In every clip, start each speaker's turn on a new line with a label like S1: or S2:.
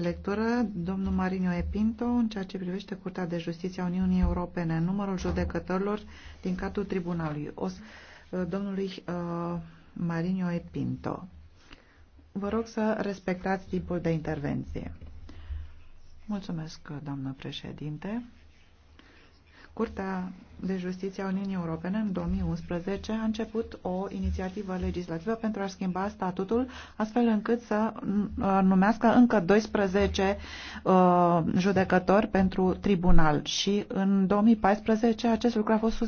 S1: lectură, domnul Marinio Epinto, în ceea ce privește Curtea de Justiție a Uniunii Europene, numărul judecătorilor din cadrul tribunalului, o, uh, domnului uh, Marinio Epinto. Vă rog să respectați timpul de intervenție. Mulțumesc, doamnă președinte. Curtea de Justiție a Uniunii Europene în 2011 a început o inițiativă legislativă pentru a schimba statutul astfel încât să numească încă 12 uh, judecători pentru tribunal și în 2014 acest lucru a fost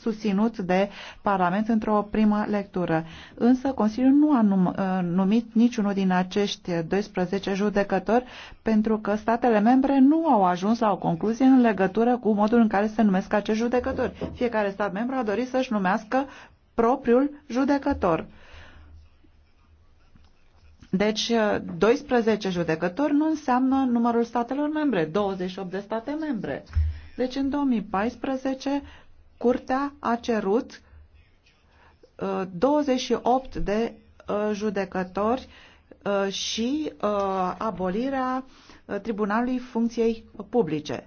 S1: susținut de Parlament într-o primă lectură. Însă Consiliul nu a num uh, numit niciunul din acești 12 judecători pentru că statele membre nu au ajuns la o concluzie în legătură cu modul în care se numesc acești judecători judecători. Fiecare stat membru a dorit să-și numească propriul judecător. Deci, 12 uh, judecători nu înseamnă numărul statelor membre, 28 de state membre. Deci, în 2014, Curtea a cerut 28 uh, de uh, judecători și abolirea Tribunalului Funcției Publice.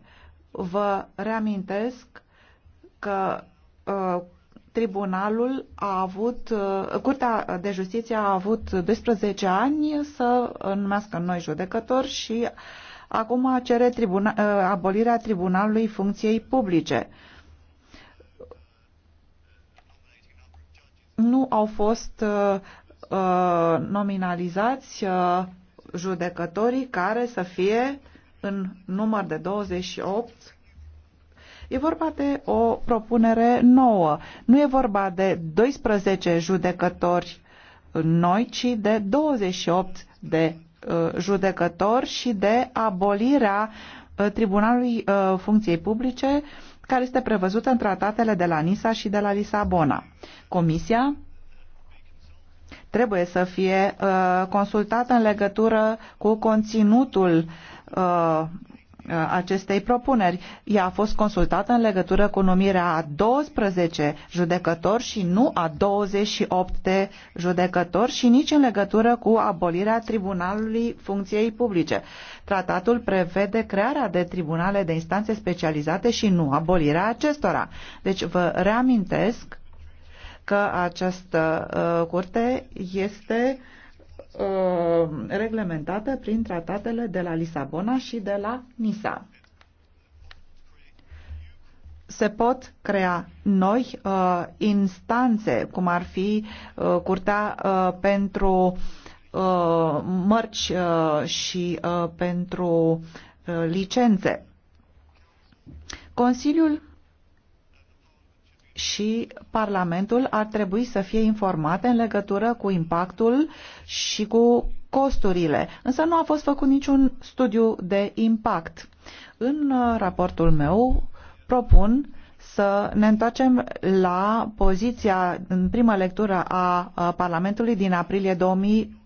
S1: Vă reamintesc că uh, tribunalul a avut, uh, Curtea de Justiție a avut 12 ani să uh, numească noi judecători și acum cere tribuna, abolirea tribunalului funcției publice. Nu au fost uh, nominalizați uh, judecătorii care să fie în număr de 28 E vorba de o propunere nouă. Nu e vorba de 12 judecători noi, ci de 28 de uh, judecători și de abolirea uh, Tribunalului uh, Funcției Publice care este prevăzută în tratatele de la Nisa și de la Lisabona. Comisia trebuie să fie consultată în legătură cu conținutul Uh, acestei propuneri. Ea a fost consultată în legătură cu numirea a 12 judecători și nu a 28 de judecători și nici în legătură cu abolirea tribunalului funcției publice. Tratatul prevede crearea de tribunale de instanțe specializate și nu abolirea acestora. Deci vă reamintesc că această uh, curte este uh, Uh, reglementată prin tratatele de la Lisabona și de la Nisa. Se pot crea noi uh, instanțe, cum ar fi uh, Curtea uh, pentru uh, mărci uh, și uh, pentru uh, licențe. Consiliul și Parlamentul ar trebui să fie informate în legătură cu impactul și cu costurile, însă nu a fost făcut niciun studiu de impact. În uh, raportul meu propun să ne întoarcem la poziția în prima lectură a uh, Parlamentului din aprilie 2000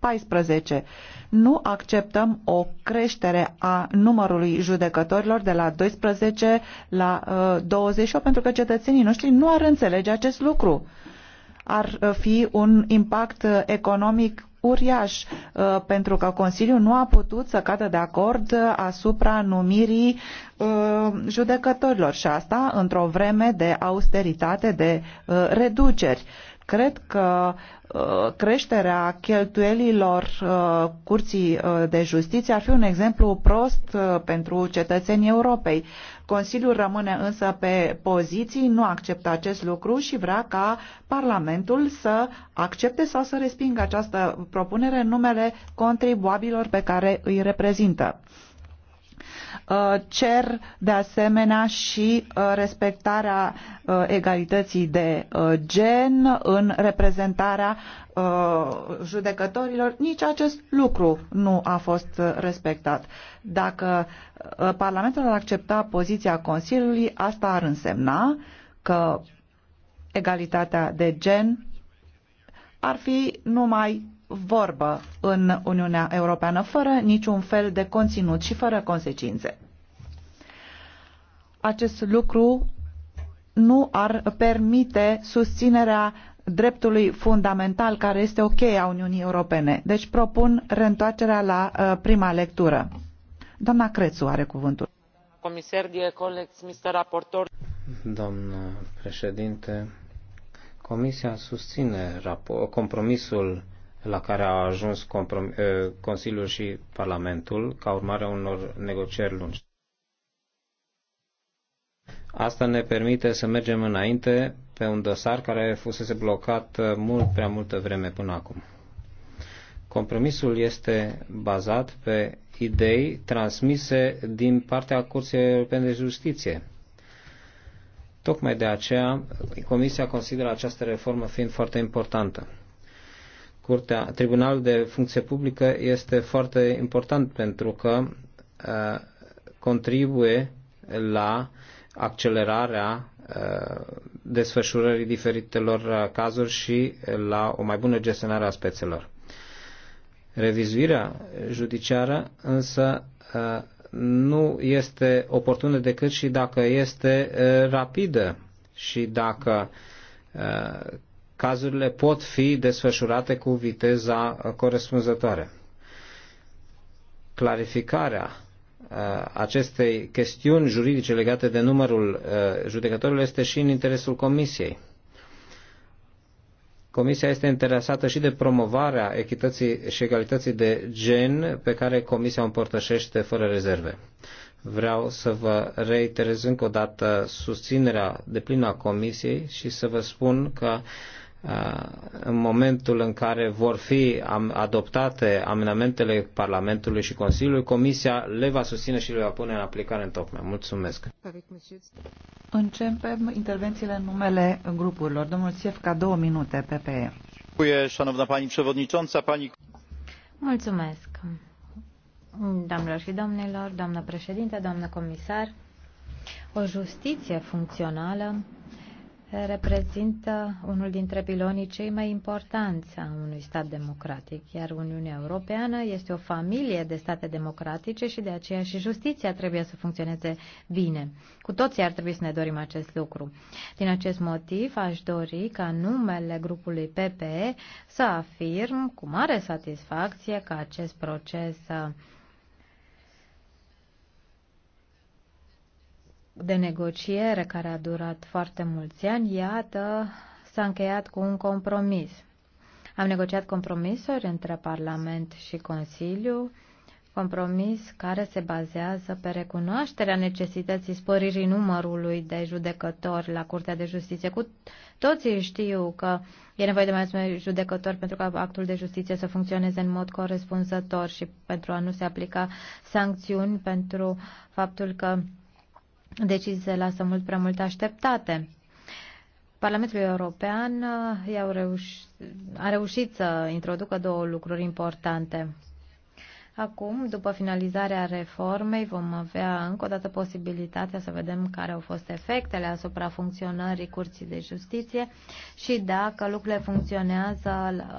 S1: 14. Nu acceptăm o creștere a numărului judecătorilor de la 12 la 28 uh, pentru că cetățenii noștri nu ar înțelege acest lucru. Ar uh, fi un impact uh, economic uriaș pentru că Consiliul nu a putut să cadă de acord asupra numirii judecătorilor și asta într-o vreme de austeritate, de reduceri. Cred că uh, creșterea cheltuielilor uh, Curții uh, de Justiție ar fi un exemplu prost pentru cetățenii Europei. Consiliul rămâne însă pe poziții, nu acceptă acest lucru și vrea ca Parlamentul să accepte sau să respingă această propunere în numele contribuabilor pe care îi reprezintă. Uh, cer de asemenea și uh, respectarea uh, egalității de gen în reprezentarea judecătorilor. Nici acest lucru nu a fost respectat. Dacă Parlamentul ar accepta poziția Consiliului, asta ar însemna că egalitatea de gen ar fi numai vorbă în Uniunea Europeană, fără niciun fel de conținut și fără consecințe. Acest lucru nu ar permite susținerea dreptului fundamental care este o cheie a Uniunii Europene. Deci propun reîntoarcerea la uh, prima lectură. Doamna Crețu are cuvântul.
S2: Comisar de colegi, Mr. Raportor. Doamnă președinte, Comisia susține compromisul la care a ajuns eh, Consiliul și Parlamentul ca urmare a unor negocieri lungi. Asta ne permite să mergem înainte pe un dosar care fusese blocat eh, mult prea multă vreme până acum. Compromisul este bazat pe idei transmise din partea Curții Europene de Justiție. Tocmai de aceea, Comisia consideră această reformă fiind foarte importantă. Curtea, Tribunalul de Funcție Publică este foarte important pentru că uh, contribuie la accelerarea uh, desfășurării diferitelor uh, cazuri și la o mai bună gestionare a spețelor. Revizuirea judiciară însă nu este oportună decât și dacă este rapidă și dacă cazurile pot fi desfășurate cu viteza corespunzătoare. Clarificarea uh, acestei chestiuni juridice legate de numărul uh, judecătorilor este și în interesul Comisiei. Comisia este interesată și de promovarea echității și egalității de gen pe care Comisia o împărtășește fără rezerve. Vreau să vă reiterez încă o dată susținerea de plină a Comisiei și să vă spun că în momentul în care vor fi adoptate amendamentele Parlamentului și Consiliului, Comisia le va susține și le va pune în aplicare în tocmai. Mulțumesc.
S1: Începem intervențiile în numele grupurilor. Domnul Țiefca, două minute, PPE. Mulțumesc.
S3: Doamnelor și domnilor, doamnă președinte, doamnă comisar, o justiție funcțională reprezintă unul dintre pilonii cei mai importanți a unui stat democratic, iar Uniunea Europeană este o familie de state democratice și de aceea și justiția trebuie să funcționeze bine. Cu toții ar trebui să ne dorim acest lucru. Din acest motiv aș dori ca numele grupului PPE să afirm cu mare satisfacție că acest proces de negociere care a durat foarte mulți ani, iată, s-a încheiat cu un compromis. Am negociat compromisuri între Parlament și Consiliu, compromis care se bazează pe recunoașterea necesității sporirii numărului de judecători la Curtea de Justiție. Cu toții știu că e nevoie de mai mulți judecători pentru ca actul de justiție să funcționeze în mod corespunzător și pentru a nu se aplica sancțiuni pentru faptul că se lasă mult prea multe așteptate. Parlamentul European uh, -au reuș- a reușit să introducă două lucruri importante. Acum, după finalizarea reformei, vom avea încă o dată posibilitatea să vedem care au fost efectele asupra funcționării Curții de Justiție și dacă lucrurile funcționează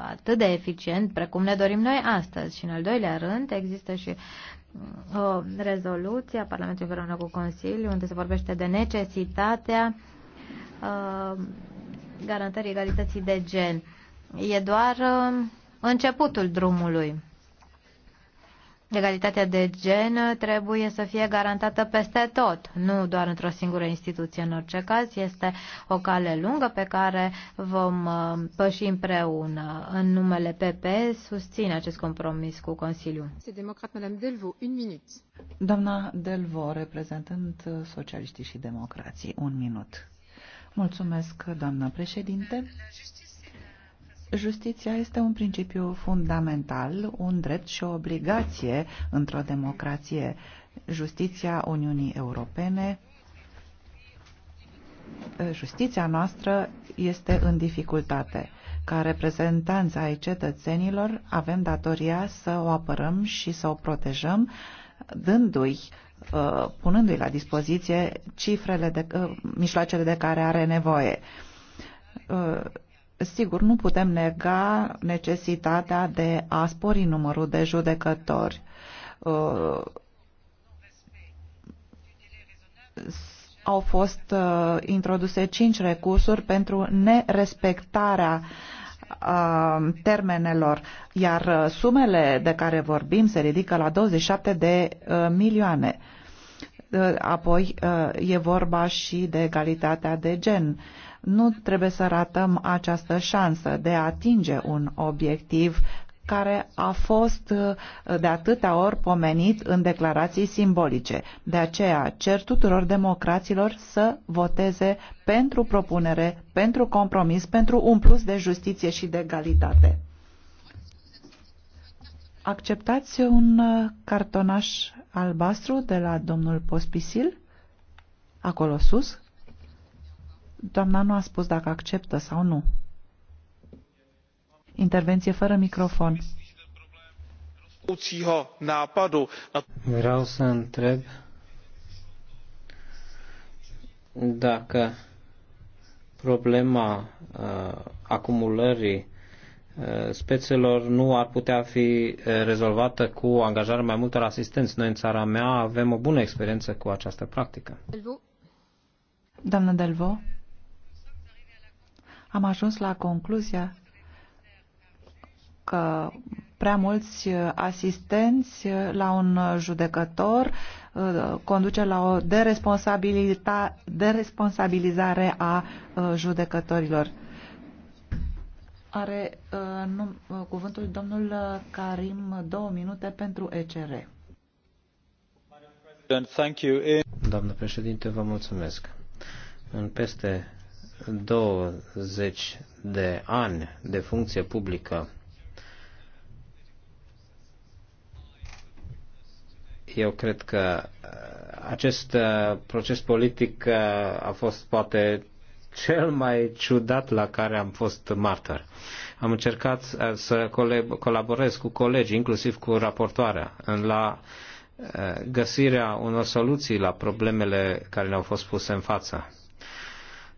S3: atât de eficient precum ne dorim noi astăzi. Și în al doilea rând, există și o uh, rezoluție a Parlamentului Verona cu Consiliu, unde se vorbește de necesitatea uh, garantării egalității de gen. E doar uh, începutul drumului. Egalitatea de gen trebuie să fie garantată peste tot, nu doar într-o singură instituție. În orice caz, este o cale lungă pe care vom uh, păși împreună. În numele PP susține acest compromis cu Consiliul.
S1: un minut. Doamna Delvo, reprezentând uh, socialiștii și democrații, un minut. Mulțumesc, doamna președinte. Justiția este un principiu fundamental, un drept și o obligație într-o democrație. Justiția Uniunii Europene, justiția noastră este în dificultate. Ca reprezentanți ai cetățenilor avem datoria să o apărăm și să o protejăm, dându-i uh, punându-i la dispoziție cifrele de, uh, mijloacele de care are nevoie uh, sigur, nu putem nega necesitatea de a spori numărul de judecători. Uh, au fost uh, introduse cinci recursuri pentru nerespectarea uh, termenelor, iar sumele de care vorbim se ridică la 27 de milioane. Apoi e vorba și de egalitatea de gen nu trebuie să ratăm această șansă de a atinge un obiectiv care a fost uh, de atâtea ori pomenit în declarații simbolice. De aceea cer tuturor democraților să voteze pentru propunere, pentru compromis, pentru un plus de justiție și de egalitate. Acceptați un uh, cartonaș albastru de la domnul Pospisil, acolo sus? Doamna nu a spus dacă acceptă sau nu. Intervenție fără microfon.
S2: Vreau să întreb dacă problema uh, acumulării uh, spețelor nu ar putea fi uh, rezolvată cu angajarea mai multor asistenți. Noi în țara mea avem o bună experiență cu această practică.
S1: Doamna Delvo am ajuns la concluzia că prea mulți asistenți la un judecător uh, conduce la o deresponsabilizare a uh, judecătorilor. Are uh, cuvântul domnul Karim două minute pentru ECR.
S2: Doamnă președinte, vă mulțumesc. În peste 20 de ani de funcție publică, eu cred că uh, acest uh, proces politic uh, a fost poate cel mai ciudat la care am fost martor. Am încercat să colaborez cu colegi, inclusiv cu raportoarea, în la găsirea unor soluții la problemele care ne-au fost puse în față.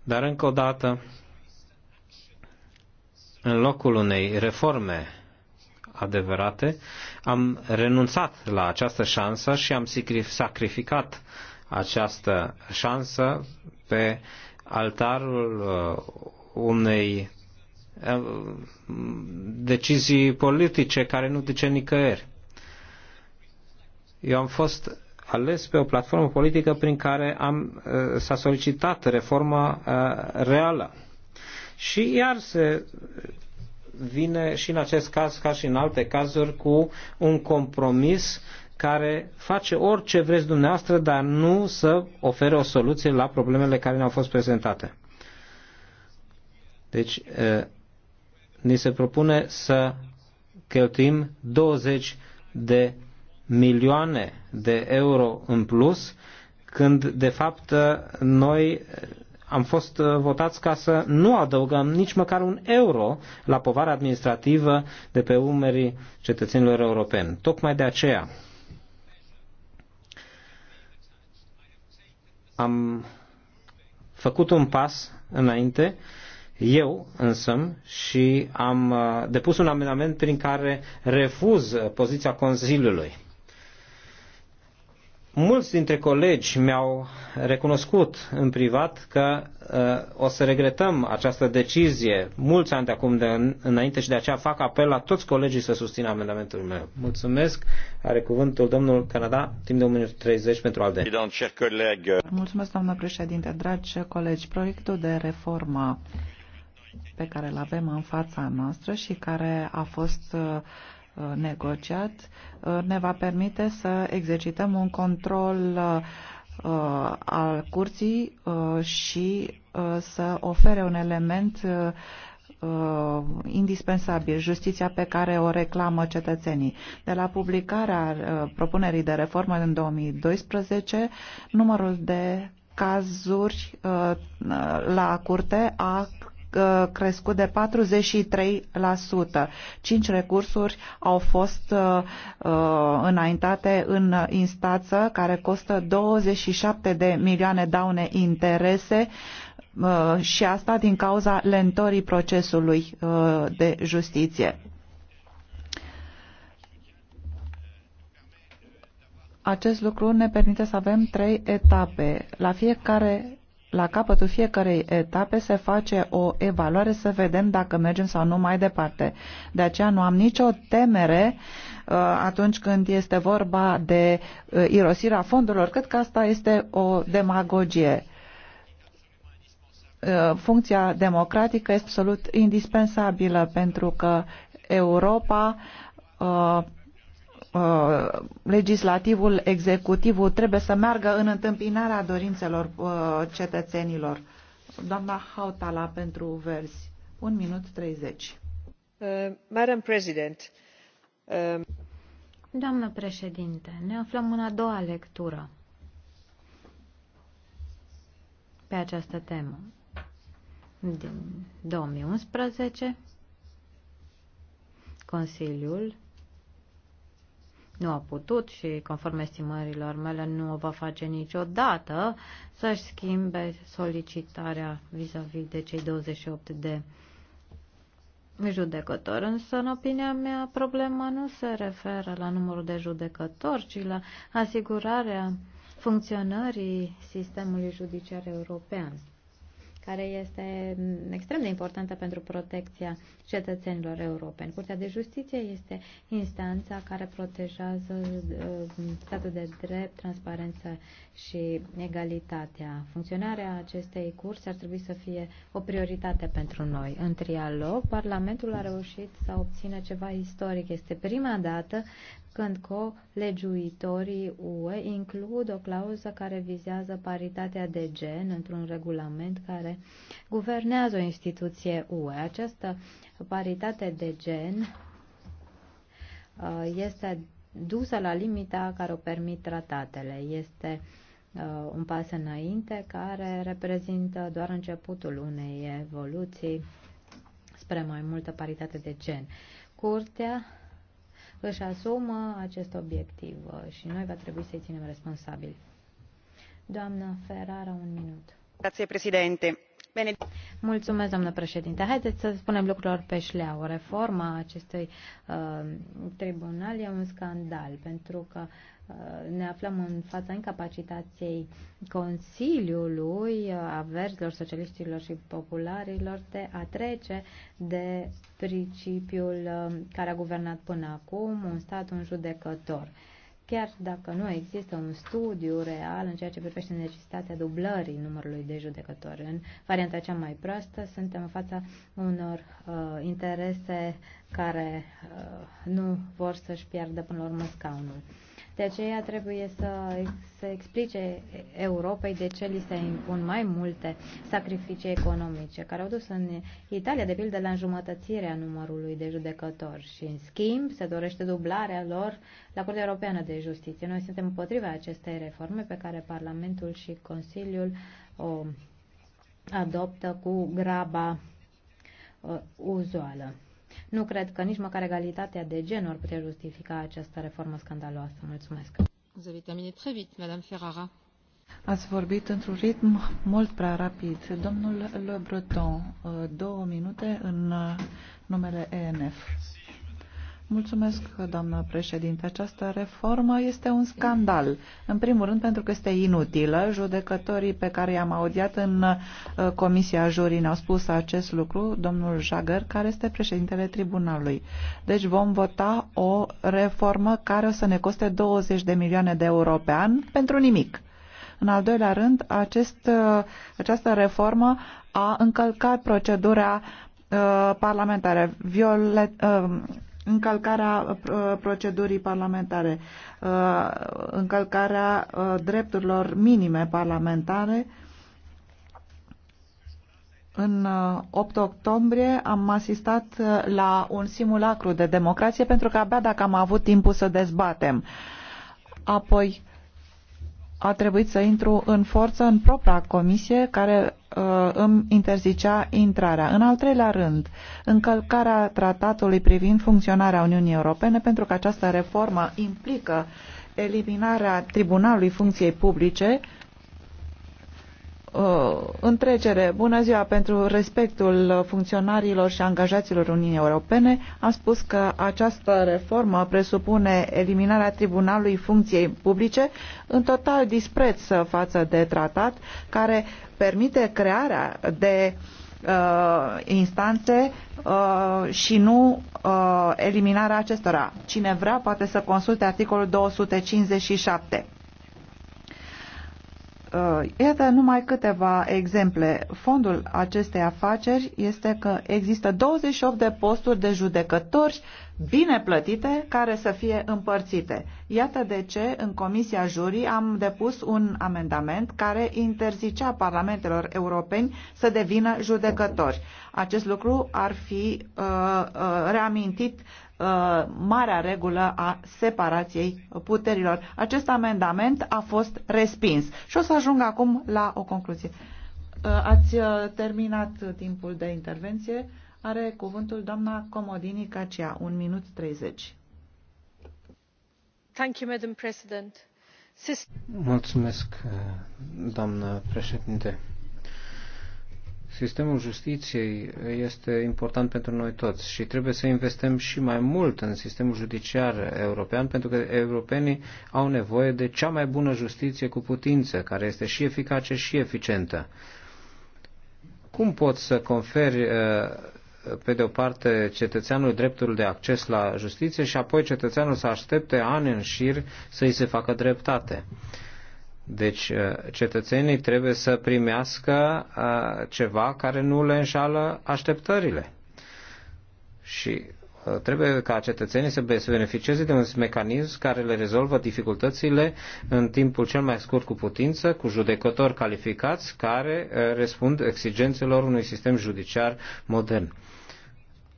S2: Dar încă o dată, în locul unei reforme adevărate, am renunțat la această șansă și am sacrificat această șansă pe altarul uh, unei uh, decizii politice care nu duce nicăieri. Eu am fost ales pe o platformă politică prin care am, s-a solicitat reforma reală. Și iar se vine și în acest caz, ca și în alte cazuri, cu un compromis care face orice vreți dumneavoastră, dar nu să ofere o soluție la problemele care ne-au fost prezentate. Deci, ni se propune să cheltuim 20 de milioane de euro în plus, când de fapt noi am fost uh, votați ca să nu adăugăm nici măcar un euro la povara administrativă de pe umerii cetățenilor europeni. Tocmai de aceea am făcut un pas înainte, eu însă, și am uh, depus un amendament prin care refuz uh, poziția Consiliului mulți dintre colegi mi-au recunoscut în privat că uh, o să regretăm această decizie mulți ani de acum de înainte și de aceea fac apel la toți colegii să susțină amendamentul meu. Mulțumesc. Are cuvântul domnul Canada, timp de 1 minut 30 pentru al de.
S1: Mulțumesc, doamnă președinte. Dragi colegi, proiectul de reformă pe care îl avem în fața noastră și care a fost uh, Uh, negociat uh, ne va permite să exercităm un control uh, al curții și să ofere un element indispensabil, justiția pe care o reclamă cetățenii. De la publicarea propunerii de reformă în 2012, numărul de cazuri la curte a Uh, crescut de 43%. Cinci recursuri au fost uh, uh, înaintate în instanță care costă 27 de milioane daune interese și asta din cauza lentorii procesului de justiție. Acest lucru ne permite să avem trei etape. La fiecare la capătul fiecarei etape se face o evaluare să vedem dacă mergem sau nu mai departe. De aceea nu am nicio temere uh, atunci când este vorba de uh, irosirea fondurilor. Cred că asta este o demagogie uh, funcția democratică este absolut indispensabilă pentru că Europa Uh, legislativul, executivul trebuie să meargă în întâmpinarea dorințelor uh, cetățenilor. Doamna Hautala pentru verzi. Un minut 30. Uh, Madam President, uh...
S3: Doamnă președinte, ne aflăm în a doua lectură pe această temă din 2011 Consiliul nu a putut și, conform estimărilor mele, nu o va face niciodată să-și schimbe solicitarea vis-a-vis -vis de cei 28 de judecători. Însă, în opinia mea, problema nu se referă la numărul de judecători, ci la asigurarea funcționării sistemului judiciar european care este mm, extrem de importantă pentru protecția cetățenilor europeni. Curtea de Justiție este instanța care protejează mm, statul de drept, transparența și egalitatea. Funcționarea acestei curse ar trebui să fie o prioritate pentru noi. În trialog, Parlamentul a reușit să obțină ceva istoric. Este prima dată când colegiuitorii UE includ o clauză care vizează paritatea de gen într-un regulament care guvernează o instituție UE. Această paritate de gen uh, este dusă la limita care o permit tratatele. Este uh, un pas înainte care reprezintă doar începutul unei evoluții spre mai multă paritate de gen. Curtea își asumă acest obiectiv uh, și noi va trebui să-i ținem responsabili. Doamnă Ferrara, un minut. Grazie, președinte. Bene. Mulțumesc, doamnă președinte. Haideți să spunem lucrurilor pe șleau. Reforma acestui uh, tribunal e un scandal, pentru că uh, ne aflăm în fața incapacitației Consiliului, uh, Averzilor, socialiștilor și popularilor de a trece de principiul uh, care a guvernat până acum, un stat, un judecător. Uh, Chiar dacă nu există un studiu real în ceea ce privește necesitatea dublării numărului de judecători, în varianta cea mai proastă suntem în fața unor uh, interese care uh, nu vor să-și piardă până la urmă scaunul. Uh, de aceea trebuie să se explice Europei de ce li se impun mai multe sacrificii economice, care au dus în Italia, de pildă, la înjumătățirea numărului de judecători și, în schimb, se dorește dublarea lor la Curtea Europeană de Justiție. Noi suntem împotriva acestei reforme pe care Parlamentul și Consiliul o adoptă cu graba uh, uzuală. Nu cred că nici măcar egalitatea de gen ar putea justifica această reformă scandaloasă. Mulțumesc.
S1: Ați vorbit într-un ritm mult prea rapid. Domnul Le Breton, uh, două minute în uh, numele ENF. Mulțumesc, doamnă președinte. Această reformă este un scandal. În primul rând pentru că este inutilă. Judecătorii pe care i-am audiat în uh, Comisia Jurii ne-au spus acest lucru, domnul Jagăr, care este președintele tribunalului. Deci vom vota o reformă care o să ne coste 20 de milioane de euro pe an pentru nimic. În al doilea rând, acest, uh, această reformă a încălcat procedura uh, parlamentară. Violet, uh, încălcarea uh, procedurii parlamentare, uh, încălcarea uh, drepturilor minime parlamentare. În 8 octombrie am asistat la un simulacru de democrație pentru că abia dacă am avut timpul să dezbatem. Apoi a trebuit să intru în forță în propria comisie care Uh, îmi interzicea intrarea. În al treilea rând, încălcarea tratatului privind funcționarea Uniunii Europene, pentru că această reformă implică eliminarea tribunalului funcției publice uh, întrecere, bună ziua pentru respectul funcționarilor și angajaților Uniunii Europene, am spus că această reformă presupune eliminarea tribunalului funcției publice în total dispreț față de tratat, care permite crearea de uh, instanțe uh, și nu uh, eliminarea acestora. Cine vrea poate să consulte articolul 257. Uh, iată numai câteva exemple. Fondul acestei afaceri este că există 28 de posturi de judecători bine plătite care să fie împărțite. Iată de ce în Comisia Jurii am depus un amendament care interzicea parlamentelor europeni să devină judecători. Acest lucru ar fi uh, uh, reamintit uh, marea regulă a separației puterilor. Acest amendament a fost respins și o să ajung acum la o concluzie. Uh, ați uh, terminat timpul de intervenție. Are cuvântul doamna Comodini Cacia, un minut 30. Thank you, Madam President. Sis
S2: Mulțumesc, doamnă președinte. Sistemul justiției este important pentru noi toți și trebuie să investim și mai mult în sistemul judiciar european, pentru că europenii au nevoie de cea mai bună justiție cu putință, care este și eficace și eficientă. Cum poți să conferi uh, pe de o parte, cetățeanului dreptul de acces la justiție și apoi cetățeanul să aștepte ani în șir să îi se facă dreptate. Deci uh, cetățenii trebuie să primească uh, ceva care nu le înșală așteptările. Și Uh, trebuie ca cetățenii să beneficieze de un mecanism care le rezolvă dificultățile în timpul cel mai scurt cu putință, cu judecători calificați care uh, răspund exigențelor unui sistem judiciar modern.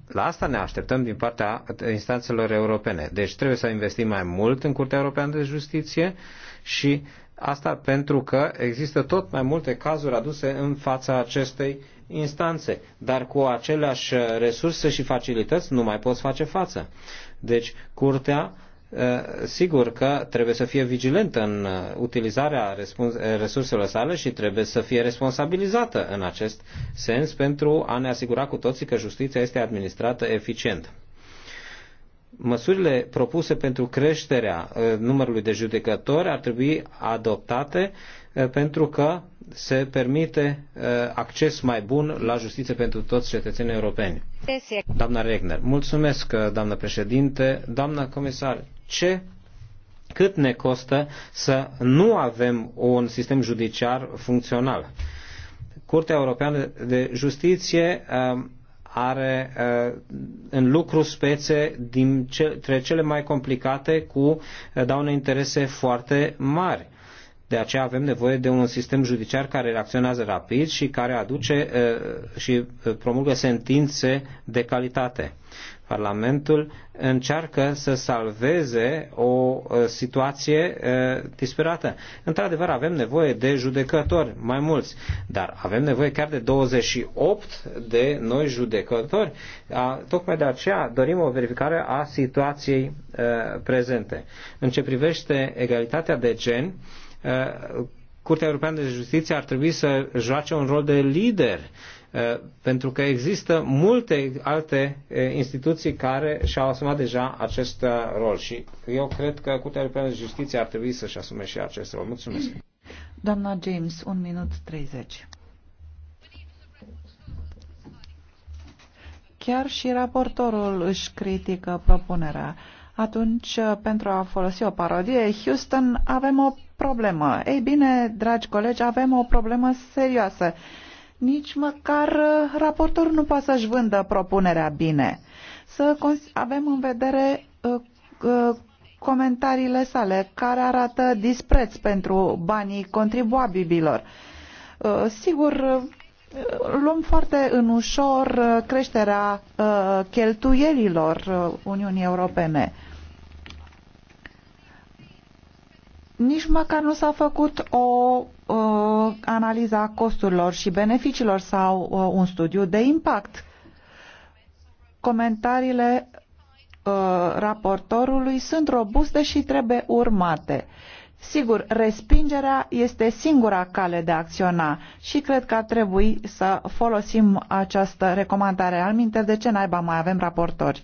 S2: La asta ne așteptăm din partea instanțelor europene. Deci trebuie să investim mai mult în Curtea Europeană de Justiție și Asta pentru că există tot mai multe cazuri aduse în fața acestei instanțe, dar cu aceleași resurse și facilități nu mai poți face față. Deci, curtea eh, sigur că trebuie să fie vigilentă în eh, utilizarea eh, resurselor sale și trebuie să fie responsabilizată în acest sens pentru a ne asigura cu toții că justiția este administrată eficient măsurile propuse pentru creșterea uh, numărului de judecători ar trebui adoptate uh, pentru că se permite uh, acces mai bun la justiție pentru toți cetățenii europeni. Doamna Regner, mulțumesc, doamnă președinte. Doamna comisar, ce cât ne costă să nu avem un sistem judiciar funcțional? Curtea Europeană de Justiție are uh, în lucru spețe dintre cele mai complicate cu uh, daune interese foarte mari. De aceea avem nevoie de un sistem judiciar care reacționează rapid și care aduce uh, și promulgă sentințe de calitate. Parlamentul încearcă să salveze o situație disperată. Într-adevăr, avem nevoie de judecători, mai mulți, dar avem nevoie chiar de 28 de noi judecători. Tocmai de aceea dorim o verificare a situației prezente. În ce privește egalitatea de gen, Curtea Europeană de Justiție ar trebui să joace un rol de lider Eh, pentru că există multe alte eh, instituții care și-au asumat deja acest eh, rol și eu cred că Curtea Europeană de Justiție ar trebui să-și asume și acest rol. Mulțumesc!
S1: Doamna James, un minut 30. Chiar și raportorul își critică propunerea. Atunci, pentru a folosi o parodie, Houston, avem o problemă. Ei bine, dragi colegi, avem o problemă serioasă nici măcar uh, raportorul nu poate să-și vândă propunerea bine. Să avem în vedere uh, uh, comentariile sale care arată dispreț pentru banii contribuabililor. Sigur, luăm foarte în ușor creșterea cheltuielilor Uniunii Europene. Nici măcar nu s-a făcut o uh, analiza costurilor și beneficiilor sau uh, un studiu de impact. Comentariile uh, raportorului sunt robuste și trebuie urmate. Sigur, respingerea este singura cale de a acționa și cred că ar trebui să folosim această recomandare. Al minte, de ce naiba mai avem raportori?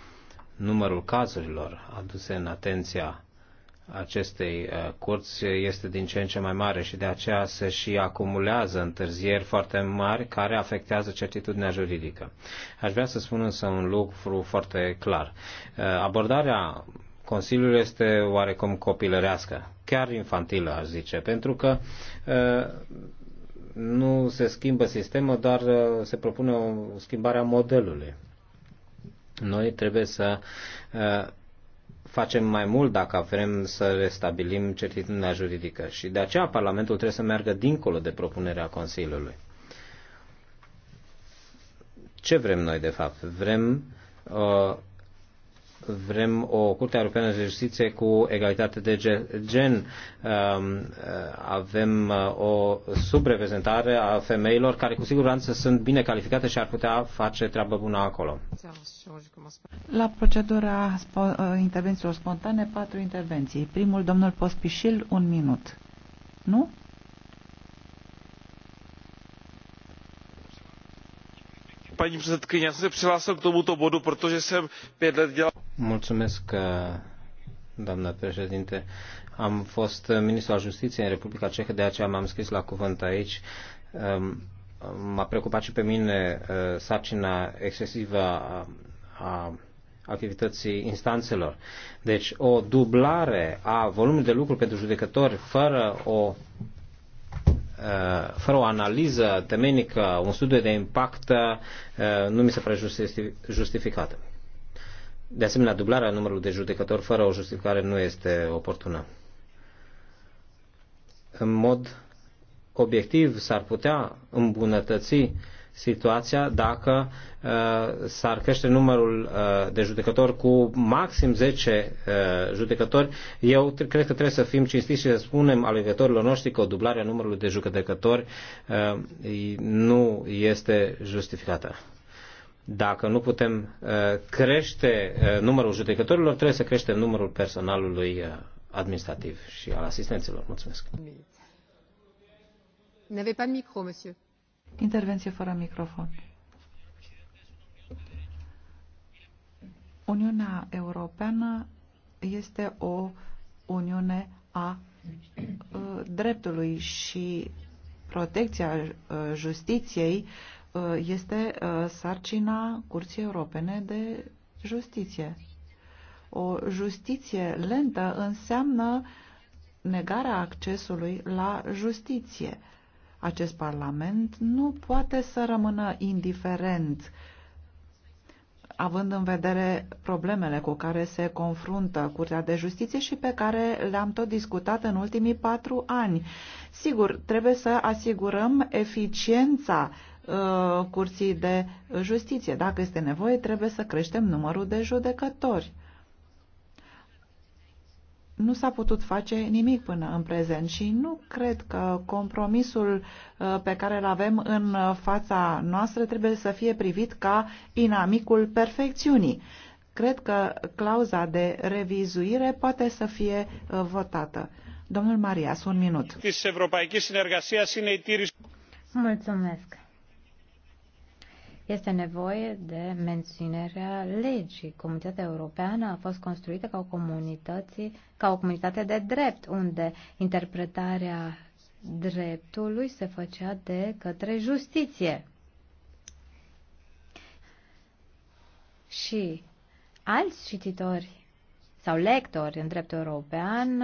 S2: numărul cazurilor aduse în atenția acestei uh, curți este din ce în ce mai mare și de aceea se și acumulează întârzieri foarte mari care afectează certitudinea juridică. Aș vrea să spun însă un lucru foarte clar. Uh, abordarea Consiliului este oarecum copilărească, chiar infantilă, aș zice, pentru că uh, nu se schimbă sistemul, dar se propune o schimbare a modelului. Noi trebuie să uh, facem mai mult dacă vrem să restabilim certitudinea juridică și de aceea Parlamentul trebuie să meargă dincolo de propunerea Consiliului. Ce vrem noi de fapt? Vrem uh, vrem o Curte Europeană de Justiție cu egalitate de gen, um, avem uh, o subreprezentare a femeilor care cu siguranță sunt bine calificate și ar putea face treabă bună acolo.
S1: La procedura uh, intervențiilor spontane, patru intervenții. Primul, domnul Pospișil, un minut. Nu? paní předsedající já jsem se přihlásil k tomuto bodu protože jsem pět let dělal.
S2: Mulțumesc, eh, doamnă președinte. Am fost eh, ministru al justiției în Republica Cehă, de aceea m-am scris la cuvânt aici. Ehm, m-a preocupat și pe mine eh, sarcina excesivă a, a activității instanțelor. Deci o dublare a volumului de lucru pentru judecători fără o Uh, fără o analiză temenică, un studiu de impact, uh, nu mi se pare justificată. De asemenea, dublarea numărului de judecători fără o justificare nu este oportună. În mod obiectiv s-ar putea îmbunătăți uh, situația dacă uh, s-ar crește numărul uh, de judecători cu maxim 10 uh, judecători. Eu cred că trebuie să fim cinstiți și să spunem alegătorilor noștri că o dublare a numărului de judecători uh, nu este justificată. Dacă nu putem uh, crește uh, numărul judecătorilor, trebuie să creștem numărul personalului uh, administrativ și al asistenților.
S4: Mulțumesc.
S3: N'avez pas de micro, monsieur.
S1: Intervenție fără microfon. Uniunea Europeană este o uniune a uh, dreptului și protecția uh, justiției uh, este sarcina Curții Europene de Justiție. O justiție lentă înseamnă negarea accesului la justiție acest Parlament nu poate să rămână indiferent având în vedere problemele cu care se confruntă Curtea de Justiție și pe care le-am tot discutat în ultimii patru ani. Sigur, trebuie să asigurăm eficiența uh, Curții de Justiție. Dacă este nevoie, trebuie să creștem numărul de judecători nu s-a putut face nimic până în prezent și nu cred că compromisul uh, pe care îl avem în fața noastră trebuie să fie privit ca inamicul perfecțiunii. Cred că clauza de revizuire poate să fie uh, votată. Domnul Marias, un minut. Mulțumesc.
S3: Este nevoie de menținerea legii. Comunitatea europeană a fost construită ca o, comunitate, ca o comunitate de drept, unde interpretarea dreptului se făcea de către justiție. Și alți cititori sau lectori în dreptul european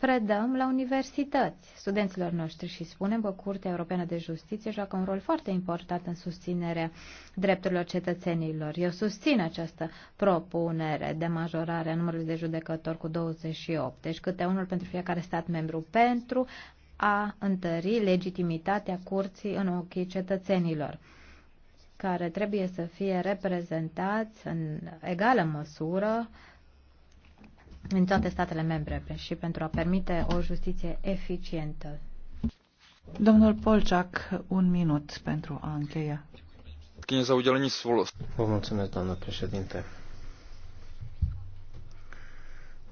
S3: predăm la universități studenților noștri și spunem că Curtea Europeană de Justiție joacă un rol foarte important în susținerea drepturilor cetățenilor. Eu susțin această propunere de majorare a numărului de judecători cu 28, deci câte unul pentru fiecare stat membru, pentru a întări legitimitatea curții în ochii cetățenilor care trebuie să fie reprezentați în egală măsură uh, în toate statele membre și pentru a permite
S1: o justiție eficientă. Domnul Polciac, un minut pentru a încheia.
S2: Vă mulțumesc, doamnă președinte.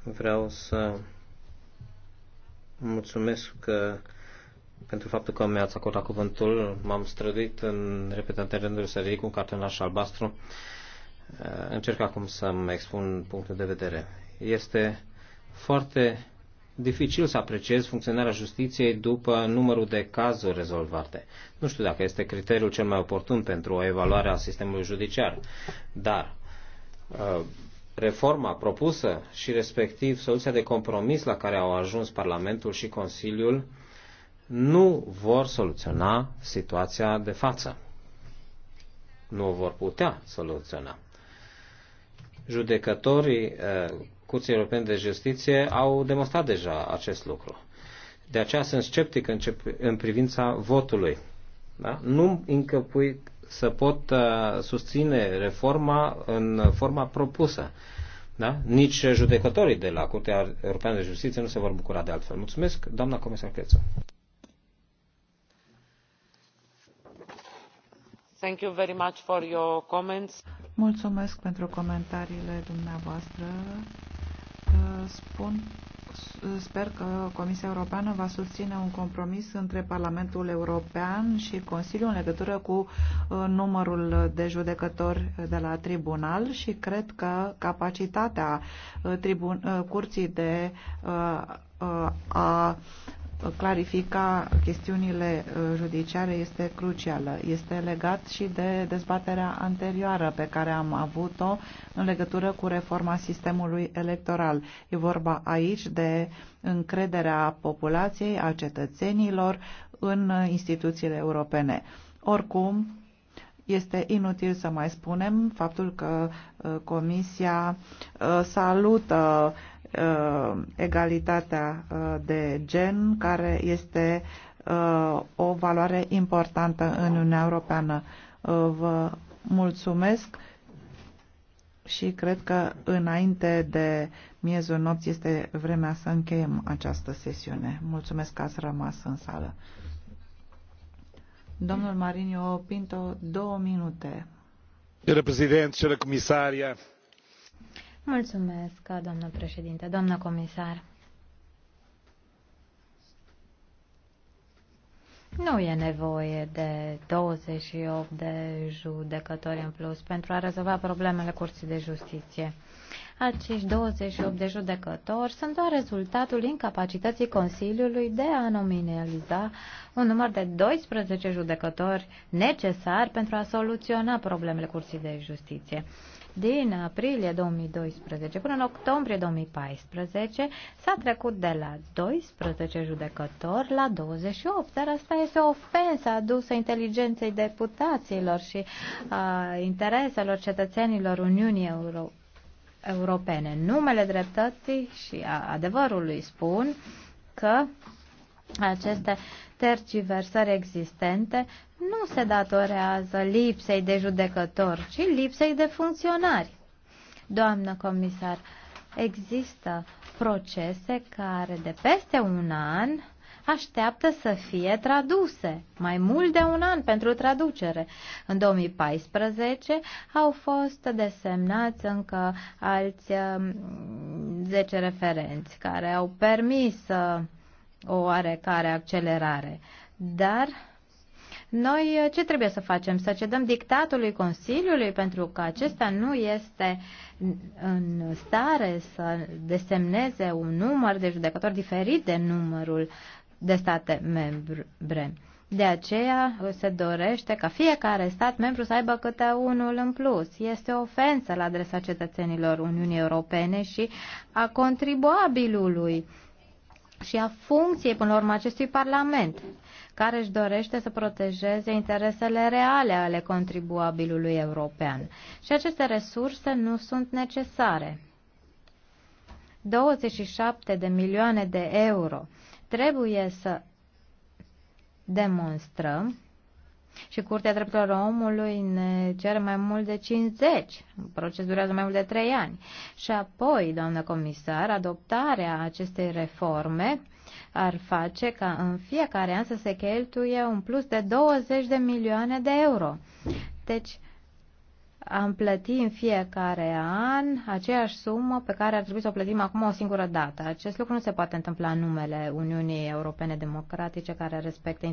S2: Vreau să mulțumesc că pentru faptul că mi-ați acordat cuvântul. M-am străduit în repetate rânduri să ridic un cartonaș albastru. Încerc acum să-mi expun punctul de vedere. Este foarte dificil să apreciez funcționarea justiției după numărul de cazuri rezolvate. Nu știu dacă este criteriul cel mai oportun pentru o evaluare a sistemului judiciar, dar uh, reforma propusă și respectiv soluția de compromis la care au ajuns Parlamentul și Consiliul nu vor soluționa situația de față. Nu o vor putea soluționa judecătorii eh, Curții Europene de Justiție au demonstrat deja acest lucru. De aceea sunt sceptic în, privința votului. Da? Nu pui să pot eh, susține reforma în forma propusă. Da? Nici judecătorii de la Curtea Europeană de Justiție nu se vor bucura de altfel. Mulțumesc, doamna comisar Crețu.
S1: Mulțumesc pentru comentariile dumneavoastră. Uh, spun, uh, sper că Comisia Europeană va susține un compromis între Parlamentul European și Consiliu în legătură cu uh, numărul de judecători de la tribunal și cred că capacitatea curții de a clarifica chestiunile uh, judiciare este crucială. Este legat și de dezbaterea anterioară pe care am avut-o în legătură cu reforma sistemului electoral. E vorba aici de încrederea populației, a cetățenilor în instituțiile europene. Oricum, este inutil să mai spunem faptul că uh, Comisia uh, salută Uh, egalitatea uh, de gen, care este uh, o valoare importantă în Uniunea Europeană. Vă mulțumesc și cred că înainte de miezul nopții este vremea să încheiem această sesiune. Mulțumesc că ați rămas în sală. Domnul Marinio Pinto, două minute.
S2: Domnule președinte, domnule comisar,
S3: Mulțumesc, doamnă președinte, doamnă comisar. Nu e nevoie de 28 de judecători în plus pentru a rezolva problemele Curții de Justiție. Acești 28 de judecători sunt doar rezultatul incapacității Consiliului de a nominaliza un număr de 12 judecători necesari pentru a soluționa problemele Curții de Justiție din aprilie 2012 până în octombrie 2014 s-a trecut de la 12 judecători la 28, dar asta este o ofensă adusă inteligenței deputaților și a, intereselor cetățenilor Uniunii Europene europene. Numele dreptății și a adevărului spun că aceste tergiversări existente nu se datorează lipsei de judecători, ci lipsei de funcționari. Doamnă comisar, există procese care de peste un an așteaptă să fie traduse, mai mult de un an pentru traducere. În 2014 au fost desemnați încă alți 10 um, referenți care au permis să uh, o oarecare accelerare. Dar noi ce trebuie să facem? Să cedăm dictatului Consiliului pentru că acesta nu este în stare să desemneze un număr de judecători diferit de numărul de state membre. De aceea se dorește ca fiecare stat membru să aibă câte unul în plus. Este o ofensă la adresa cetățenilor Uniunii Europene și a contribuabilului și a funcției, până la urmă, acestui Parlament, care își dorește să protejeze interesele reale ale contribuabilului european. Și aceste resurse nu sunt necesare. 27 de milioane de euro trebuie să demonstrăm și Curtea Drepturilor Omului ne cere mai mult de 50. Proces durează mai mult de 3 ani. Și apoi, doamnă comisar, adoptarea acestei reforme ar face ca în fiecare an să se cheltuie un plus de 20 de milioane de euro. Deci, am plăti în fiecare an aceeași sumă pe care ar trebui să o plătim acum o singură dată. Acest lucru nu se poate întâmpla în numele Uniunii Europene Democratice care respectă